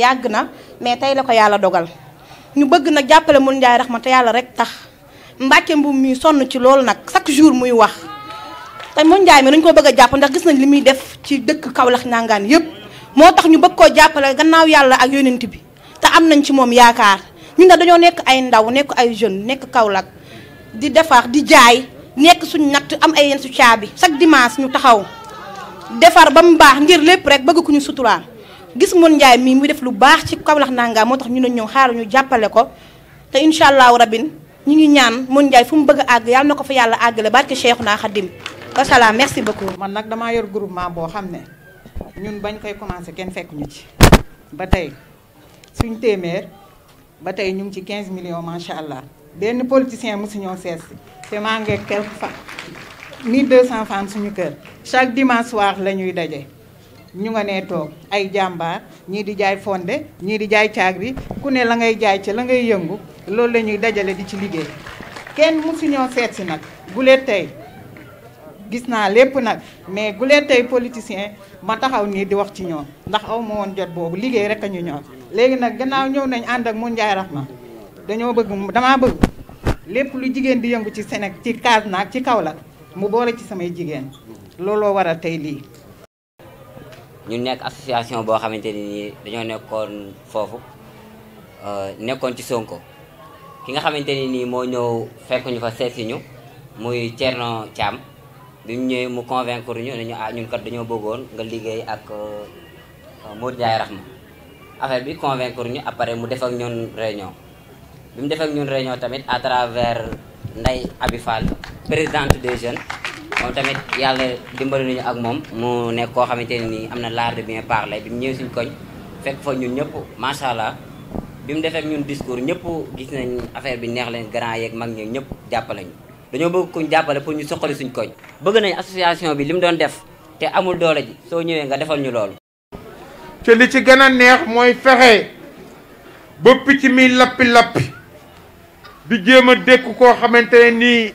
yàgg na mais tey la ko yàlla dogal ñu bëgg na jàppale mun Ndiaye Rahma yàlla rek tax Mbàkke Mbuub mi sonn ci loolu nag chaque jour muy wax te Mourou Ndiaye mi dañu ko bëgg a jàpp ndax gis nañ li muy def ci dëkk Kaolack nangaan yëpp moo tax ñu bëgg koo jàppale gannaaw yàlla ak yonent bi te am nañ ci moom yaakaar ñu nag dañoo nekk ay ndaw nekk ay jeunes nekk Kaolack di defar di jaay nekk suñ natt am ay yenn su caabi chaque dimanche ñu taxaw defar ba mu baax ngir lépp rek bëgg ku gis mon njaay mi mu def lu bax ci kawlax nanga motax tax ñu ne ñëw ñu jàppale ko te inshallah rabbin ñi ngi ñaan mon njaay fu mu bëgg ag yalla nako na ko fa yàlla àggale barke Cheikhouna Khadim wasalaam merci beaucoup. man nak dama yor groupement bo xam ñun bañ koy commencer kenn fekk ñu ci ba tay suñu témèr ba tay ñu ci 15 millions sha allah ben politicien mu suñu ñoo té ma nga quelque fa 1200 fans suñu kër chaque dimanche soir lañuy dajé ñu nga nee toog ay jàmbaar ñii di jaay fonde ñii di jaay caag bi ku ne la ngay jaay ci la ngay yëngu loolu la ñuy dajale di ci liggéey kenn mësu ñoo seet si nag gulee tey gis naa lépp nag mais gulee tey politicien ma taxaw nii di wax ci ñoom ndax aw ma woon jot boobu liggéey rek a ñu ñor léegi nag gannaaw ñëw nañ ànd ak mun njaay raxma dañoo bëgg damaa bëgg lépp lu jigéen di yëngu ci Sénégal ci Casamance ci Kaolack mu boole ci samay jigéen looloo waral tey lii ñu nekk association boo xamante ni nii dañoo nekkoon foofu euh, nekkoon ci Sonko ki nga xamante ni nii moo ñëw fekk ñu fa seet ñu muy Thierno Thiam bi mu ñëwee mu convaincre ñu ne ah ñun kat dañoo bëggoon nga liggéey ak euh, Modou Ndiaye Rahma affaire bi convaincre ñu après mu def ak ñun réunion bi mu def ak ñun réunion tamit à travers Ndeye Abi Fall présidente des jeunes. moom tamit yàlla dimbali nañu ak moom mu nekk koo xamante ne nii am na l'art de bien parler bi mu ñëwee suñu koñ fekk fa ñun ñëpp macha bi mu defee ñun discours ñëpp gis nañ affaire bi neex leen grand yeeg mag ñeeg ñëpp jàppale ñu dañoo bëgg kuñ jàppale pour ñu soqali suñ koñ bëgg nañ association bi li mu doon def te amul doole ji soo ñëwee nga defal ñu loolu te li ci gana a neex mooy fexe ba picc mi lappi-lappi di jéem a dékk koo xamante nii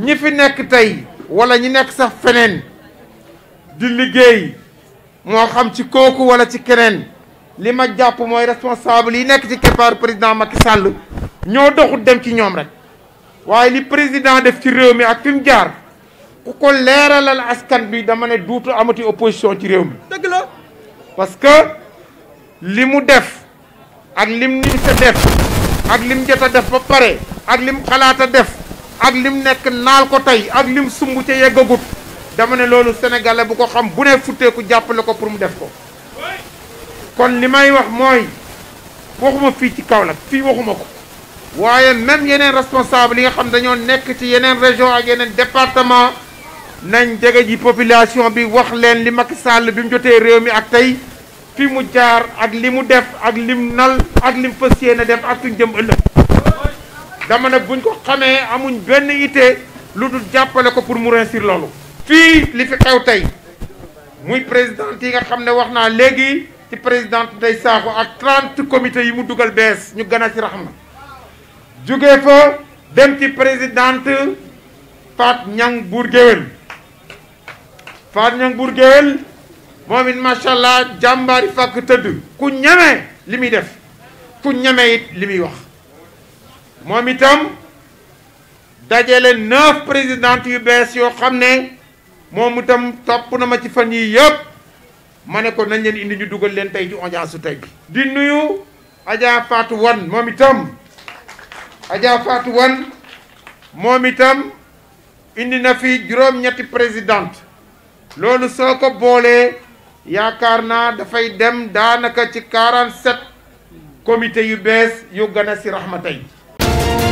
ñi fi nekk tey wala ñi nekk sax feneen di liggéey moo xam ci kooku wala ci keneen li ma jàpp mooy responsable yi nekk ci keppaaru président Macky sàll ñoo doxut dem ci ñoom rek waaye li président def ci réew mi ak fi mu jaar ku ko leeralal askan bi dama ne duutu amati opposition ci réew mi. dëgg la parce que li mu def ak lim ni def ak lim jot a def ba pare ak lim xalaat a def. ak lim nekk naal ko tey ak lim sumb ca yeggagut dama ne loolu sénégalais bu ko xam bu ne futteeku jàppale ko pour mu def ko kon li may wax mooy waxuma fii ci Kaolack fii waxuma ko waaye même yeneen responsable yi nga xam dañoo nekk ci yeneen région ak yeneen département nañ jege ji population bi wax leen li Macky sàll bi mu jotee réew mi ak tey fi mu jaar ak li mu def ak lim nal ak lim fas yéene def ak suñ jëm ëllëg dama nag buñ ko xamee amuñ benn idée lu dul jàppale ko pour mu réussir loolu. fii li fi xew tey muy présidente yi nga xam ne wax naa léegi ci présidente Ndeye Sakho ak trente comités yi mu dugal bees ñu gën a ci raxma jóge fa dem ci président Fat Ñang Buur Géwél Fat Ñang Buur Géwél moom it macha allah jàmbaari fàkk tëdd ku ñeme li muy def ku ñeme it li muy wax. moom itam dajale neuf présidentes yu bees yoo xam ne moom itam topp na ma ci fan yii yëpp ma ne ko nañ leen indi ñu dugal leen tey ci audience su tey bi. di nuyu Adja Fatou Wan moom itam Adja Wan moom itam indi na fi juróom-ñetti présidente loolu soo ko boolee yaakaar naa dafay dem daanaka ci 47 comité yu bees yu gën a si raxma tey Thank you.